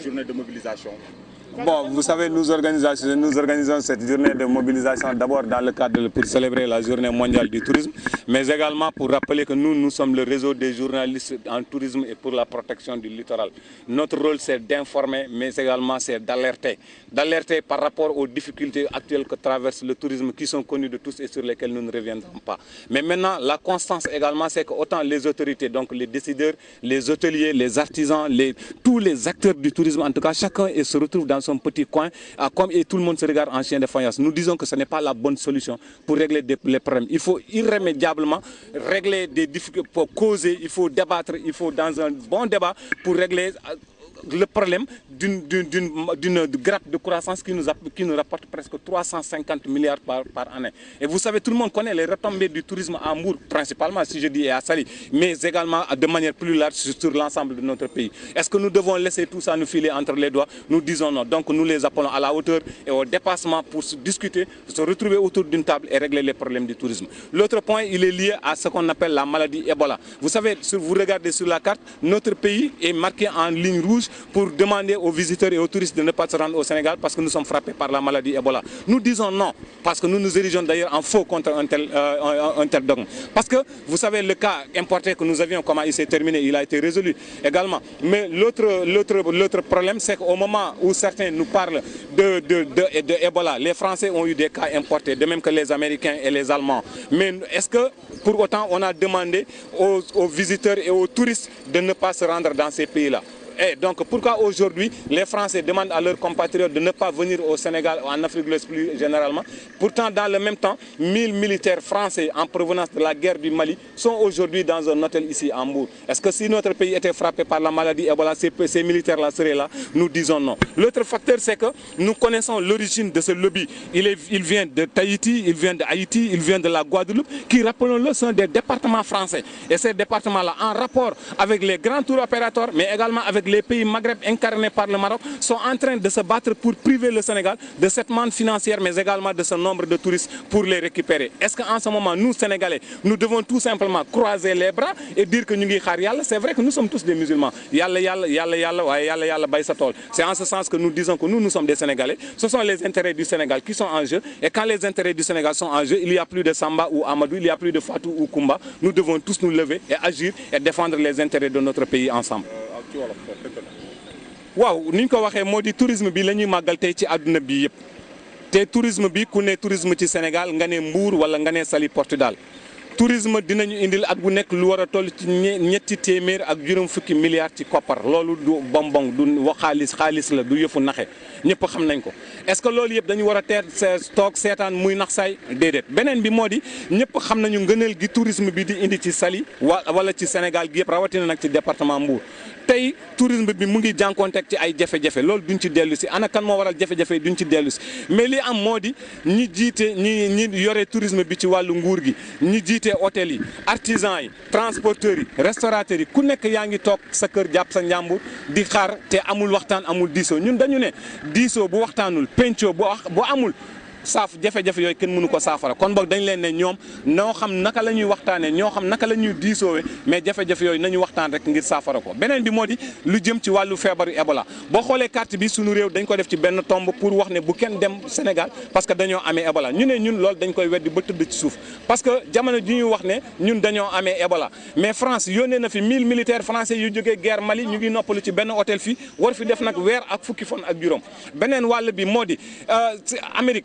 journée de mobilisation Bon, vous savez, nous organisons, nous organisons cette journée de mobilisation d'abord dans le cadre de, pour célébrer la journée mondiale du tourisme, mais également pour rappeler que nous, nous sommes le réseau des journalistes en tourisme et pour la protection du littoral. Notre rôle, c'est d'informer, mais également c'est d'alerter. D'alerter par rapport aux difficultés actuelles que traverse le tourisme, qui sont connues de tous et sur lesquelles nous ne reviendrons pas. Mais maintenant, la constance également, c'est que autant les autorités, donc les décideurs, les hôteliers, les artisans, les, tous les acteurs du tourisme, en tout cas, chacun se retrouve dans son petit coin, euh, comme et tout le monde se regarde en chien de faïence. Nous disons que ce n'est pas la bonne solution pour régler les problèmes. Il faut irrémédiablement régler des difficultés, pour causer, il faut débattre, il faut dans un bon débat pour régler euh, le problème d'une grappe de croissance qui nous, qui nous rapporte presque 350 milliards par, par, année. Et vous savez, tout le monde connaît les retombées du tourisme à Mour, principalement, si je dis, et à Sali, mais également de manière plus large sur l'ensemble de notre pays. Est-ce que nous devons laisser tout ça nous filer entre les doigts Nous disons non. Donc nous les appelons à la hauteur et au dépassement pour discuter, se retrouver autour d'une table et régler les problèmes du tourisme. L'autre point, il est lié à ce qu'on appelle la maladie Ebola. Vous savez, si vous regardez sur la carte, notre pays est marqué en ligne rouge pour demander aux visiteurs et aux touristes de ne pas se rendre au Sénégal parce que nous sommes frappés par la maladie Ebola. Nous disons non, parce que nous nous érigeons d'ailleurs en faux contre euh, un tel, dogme. Parce que vous savez, le cas importé que nous avions, comment il s'est terminé, il a été résolu également. Mais l'autre problème, c'est qu'au moment où certains nous parlent de, Ebola, les Français ont eu des cas importés, de même que les Américains et les Allemands. Mais est-ce que pour autant on a demandé aux visiteurs et aux touristes de ne pas se rendre dans ces pays-là eh, donc pourquoi aujourd'hui les Français demandent à leurs compatriotes de ne pas venir au Sénégal, ou en Afrique de l'Ouest plus généralement Pourtant, dans le même temps, 1000 militaires français en provenance de la guerre du Mali sont aujourd'hui dans un hôtel ici à Est-ce que si notre pays était frappé par la maladie Ebola, ces, ces militaires-là seraient là Nous disons non. L'autre facteur, c'est que nous connaissons l'origine de ce lobby. Il, il vient de Tahiti, il vient d'Haïti, il vient de la Guadeloupe, qui, rappelons-le, sont des départements français. Et ces départements-là, en rapport avec les grands tours opérateurs, mais également avec les pays Maghreb incarnés par le Maroc sont en train de se battre pour priver le Sénégal de cette manne financière, mais également de ce nombre de touristes pour les récupérer. Est-ce qu'en ce moment, nous, Sénégalais, nous devons tout simplement croiser les bras et dire que nous C'est vrai que nous sommes tous des musulmans. C'est en ce sens que nous disons que nous, nous sommes des Sénégalais. Ce sont les intérêts du Sénégal qui sont en jeu. Et quand les intérêts du Sénégal sont en jeu, il n'y a plus de Samba ou Amadou, il n'y a plus de Fatou ou Kumba. Nous devons tous nous lever et agir et défendre les intérêts de notre pays ensemble. ci waaw ni ñu ko waxee moo di tourisme bi la ñuy màggal tey ci àdduna bi yëpp te tourisme bi ku ne tourisme ci Sénégal nga ne mbuur wala nga ne Saly Portudal tourisme dinañu indil ak bu nekk lu war a toll ci ñetti téeméer ak juróom fukki milliards ci koppar loolu du bonbon du wax xaalis xaalis la du yëfu naxe ñëpp xam nañ ko est-ce que loolu yëpp dañu war a teer toog seetaan muy nax saay déedéet beneen bi moo di ñëpp xam nañu ngëneel gi tourisme bi di indi ci Saly wa wala ci Sénégal yëpp rawatina nag département Mbour tey tourisme bi mu ngi jànkoonteeg ci ay jafe-jafe loolu duñ ci dellu si ana kan moo waral jafe-jafe duñ ci dellu si mais li am moo di ñi jiite ñi ñi yore tourisme bi ci wàllu nguur gi ñi jiite hôtel yi artisan yi transporteurs yi restaurateurs yi ku nekk yaa ngi toog sa kër jàpp sa njàmbur di xaar te amul waxtaan amul diisoo ñun dañu ne diisoo bu waxtaanul pencoo bu amul saaf jafé jafé yoy kenn mënu ko saafara kon bok dañ leen né ñom ñoo xam naka lañuy waxtané waxtaanee ñoo xam naka lañuy ñuy mais jafé jafé yoy nañu waxtaan rek ngir saafara ko beneen bi modi lu jëm ci walu fièvre Ebola bo xolé carte bi suñu réew dañ ko def ci benn tombe pour wax né bu kenn dem Sénégal parce que dañoo amé Ebola ñu ne ñun lool dañ koy wéddi ba tudd ci suuf parce que jamono ji ñuy wax né ñun dañoo amé Ebola mais France yónnee na fi 1000 militaires français yu joggé guerre Mali ñu ngi noppalu ci benn hôtel fi war fi def nak weer ak fukki fon ak juroom benen wal bi modi euh Amérique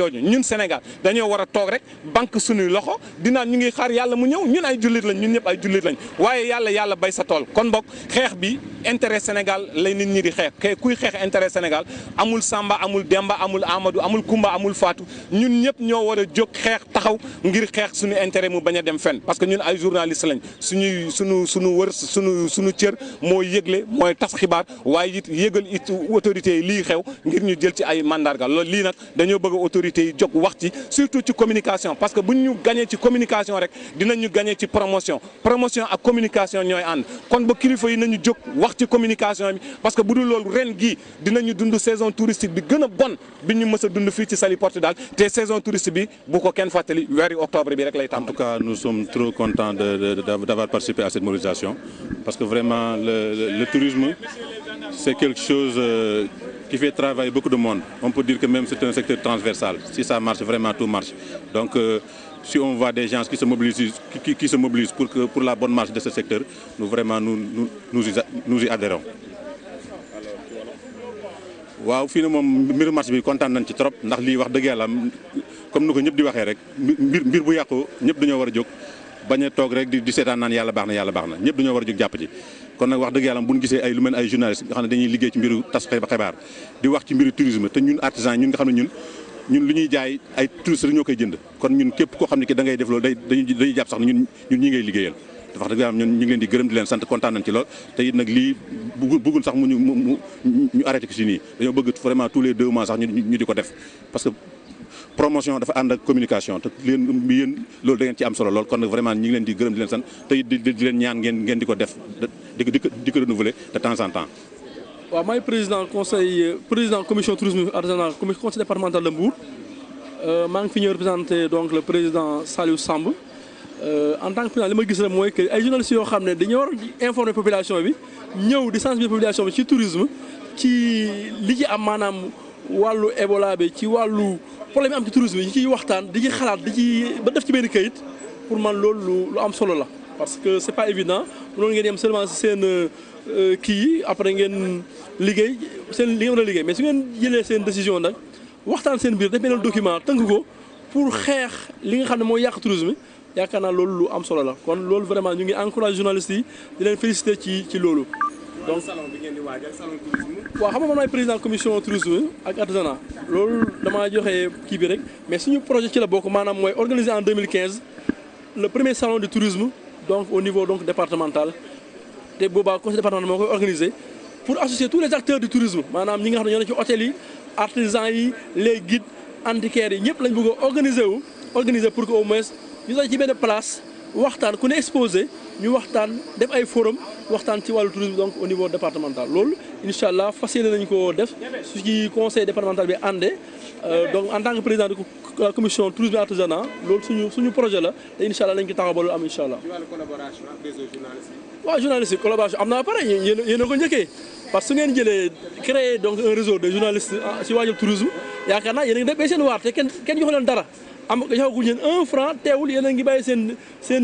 jooju ñun Sénégal dañoo war a rek banque suñuy loxo dinaan ñu ngi xaar yàlla mu ñëw ñun ay jullit lañ ñun ñëpp ay jullit lañ waaye yàlla yàlla bay sa tool kon bokk xeex bi intérêt Sénégal lay nit ñi di xeex kuy xeex intérêt Sénégal amul Samba amul Demba amul Amadou amul Kumba amul Fatou ñun ñëpp ñoo war jóg xeex taxaw ngir xeex suñu intérêt mu bañ dem fenn parce que ñun ay journaliste lañ suñuy suñu suñu wër suñu suñu cër mooy yëgle mooy tas xibaar waaye it yëgal it autorités xew ngir ñu jël ci ay mandarga loolu lii nag dañoo bëgg autorité autorités surtout ci communication parce que si nous gagnons la communication rek dinañu la ci promotion promotion la communication ñoy avons kon ba kilifa yi nañu jóg wax ci communication parce que bu dul loolu ren dinañu dund saison touristique bi gëna une bonne bi dund fi ci saison touristique bi bu ko ken fatali octobre bi rek lay En tout cas nous sommes trop contents d'avoir participé à cette mobilisation parce que vraiment le, le, tourisme c'est quelque chose euh, qui fait travailler beaucoup de monde. On peut dire que même c'est un secteur transversal. Si ça marche, vraiment tout marche. Donc euh, si on voit des gens qui se mobilisent, qui, se mobilisent pour, que, pour la bonne marche de ce secteur, nous vraiment nous, nous, nous, y, adhérons. waaw finalement, je suis content bi ci comme nous di bañ a toog rek di di seetaan naan yàlla baax na yàlla baax na ñëpp dañoo war a jóg jàpp ci kon nag wax dëgg yàlla bu ñu gisee ay lu mel ay journaliste nga xam ne ñun artisan ñuy jaay ay touriste dañoo koy jënd kon ñun képp koo xam ne ki da ngay def loolu day dañuy jàpp sax ne ñun ñun ñi ngay liggéeyal wax dëgg yàlla ñun leen di gërëm di leen sant kontaan nañ ci lool te it nag lii bëggul sax mu ñu mu ñu arrêté ko si nii dañoo bëgg vraiment tous les deux mois sax ñu di ko def promotion de la communication de temps en temps. président conseil président commission tourisme artisanal conseil départemental de euh, donc le président Saliou euh, en tant que président que ay journalistes informer population bi population bi tourisme ci li ci am wàllu Ebola bi ci wàllu problème yi am ci tourisme yi ñu ciy waxtaan di ci xalaat di ci ba def ci benn kayit pour man loolu lu am solo la. parce que c'est pas évident mënoon ngeen yem seulement si seen euh, kii yi après ngeen liggéey seen li ngeen war a liggéey mais su ngeen jëlee seen décision nag waxtaan seen biir def benn document tënk ko pour xeex li nga xam ne mooy yàq tourisme yaakaar naa loolu lu am solo la kon loolu vraiment ñu ngi encourage journalistes yi di leen féliciter ci ci loolu. donc salon de ngeen di salon tourisme. Wa xam nga président commission tourisme ak artisanat c'est ce que je veux rek mais suñu projet ci la organiser en 2015 le premier salon de tourisme donc au niveau donc départemental te conseil départemental moo pour associer tous les acteurs du tourisme maanaam ñi les xam hôteliers, artisans les guides antiquaires yi ñëpp lañ bëgg organiser organiser pour que au moins ñu doon ci place waxtaan ku ne exposé ñu waxtaan def forum waxtaan ci walu tourisme donc au niveau départemental loolu inshallah allah fas yéene nañu ko def su ci conseil départemental bi àndee euh, donc en tant que président de la commission tourisme et artisanat loolu suñu suñu projet la te incha allah lañ ko taxaw ba loolu am incha allah. ci collaboration ak réseau journaliste yi. waaw journaliste collaboration am naa pare yéen yéen a ko njëkkee parce que su ngeen jëlee créer donc un réseau de journalistes ah, ci wàllu tourisme yaakaar naa yéen a ngi def ba seen waar te kenn kenn joxu leen dara am joxaguñ leen un franc teewul yéen a ngi bàyyi seen seen.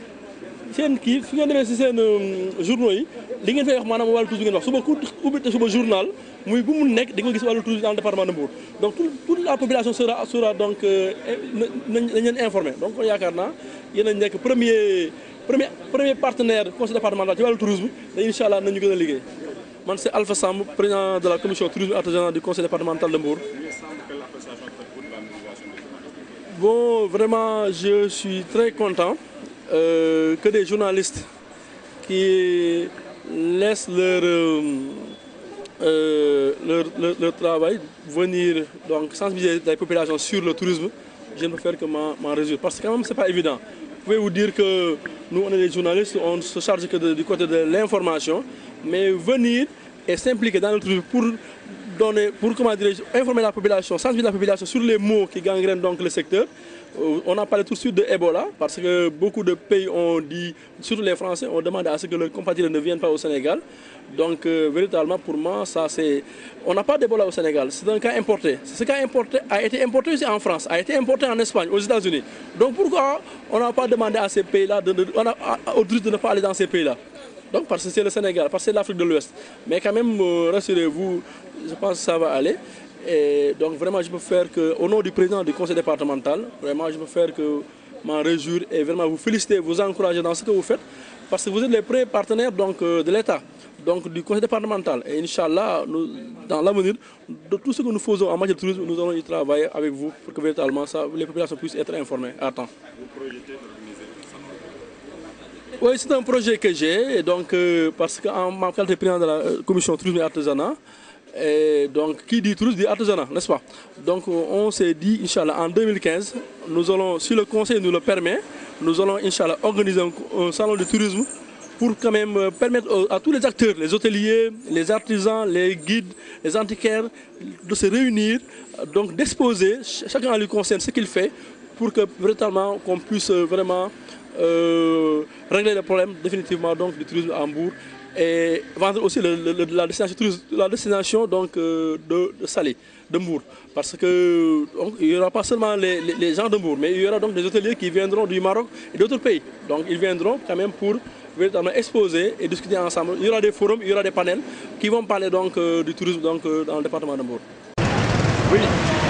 C'est un su ngeen demee si euh, journaux yi li ngeen fay wax maanaam wàllu tourisme ngeen wax suba ku ubbi suba journal muy bu mu nekk di nga gis tourisme dans le département de donc toute la population sera sera donc euh, nañ leen informé donc kon yaakaar a nekk premier premier premier partenaire conseil départemental ci tourisme Et, incha nous nañu gën a man c'est Alpha Sam, président de la commission tourisme artisanat du conseil départemental de Mbour bon vraiment je suis très content euh, que des journalistes qui laissent leur, euh, euh, travail venir donc, sensibiliser la population sur le tourisme, je ne peux faire que m'en résoudre. Parce que quand même, ce n'est pas évident. Vous pouvez vous dire que nous, on est des journalistes, on ne se charge que du côté de l'information, mais venir et s'impliquer dans le tourisme pour donner, pour comment dire, informer la population, sans sensibiliser la population sur les mots qui gangrènent donc le secteur, euh, on a parlé tout de suite de Ebola, parce que beaucoup de pays ont dit, surtout les Français, ont demandé à ce que leurs compatriotes ne viennent pas au Sénégal. Donc, euh, véritablement, pour moi, ça c'est. On n'a pas d'Ebola au Sénégal. C'est un cas importé. Ce cas importé a été importé aussi en France, a été importé en Espagne, aux États-Unis. Donc, pourquoi on n'a pas demandé à ces pays-là, de, on a, de ne pas aller dans ces pays-là donc parce que c'est le Sénégal, parce que c'est l'Afrique de l'Ouest. Mais quand même, euh, rassurez-vous, je pense que ça va aller. Et donc vraiment, je peux faire que, au nom du président du conseil départemental, vraiment, je peux faire que m'en réjouir et vraiment vous féliciter, vous encourager dans ce que vous faites, parce que vous êtes les premiers partenaires donc, euh, de l'État, donc du conseil départemental. Et Inch'Allah, dans l'avenir, de tout ce que nous faisons en matière de tourisme, nous allons y travailler avec vous pour que véritablement les populations puissent être informées à temps. oui, c'est un projet que j'ai, donc euh, parce qu'en ma qualité de président de la euh, commission tourisme et artisanat, et donc, qui dit tourisme dit artisanat, n'est-ce pas Donc, on s'est dit, Inch'Allah, en 2015, nous allons, si le conseil nous le permet, nous allons, Inch'Allah, organiser un, salon de tourisme pour quand même euh, permettre à tous les acteurs, les hôteliers, les artisans, les guides, les antiquaires, de se réunir, donc d'exposer, chacun à lui concerne ce qu'il fait, pour que véritablement qu'on puisse euh, vraiment euh, régler le problème définitivement donc, du tourisme à Hambourg et vendre aussi la destination, donc, euh, de, Salé, de Mour. Parce qu'il n'y aura pas seulement les, gens de mais il y aura donc des hôteliers qui viendront du Maroc et d'autres pays. Donc ils viendront quand même pour véritablement exposer et discuter ensemble. Il y aura des forums, il y aura des panels qui vont parler donc, euh, du tourisme donc, euh, dans le département de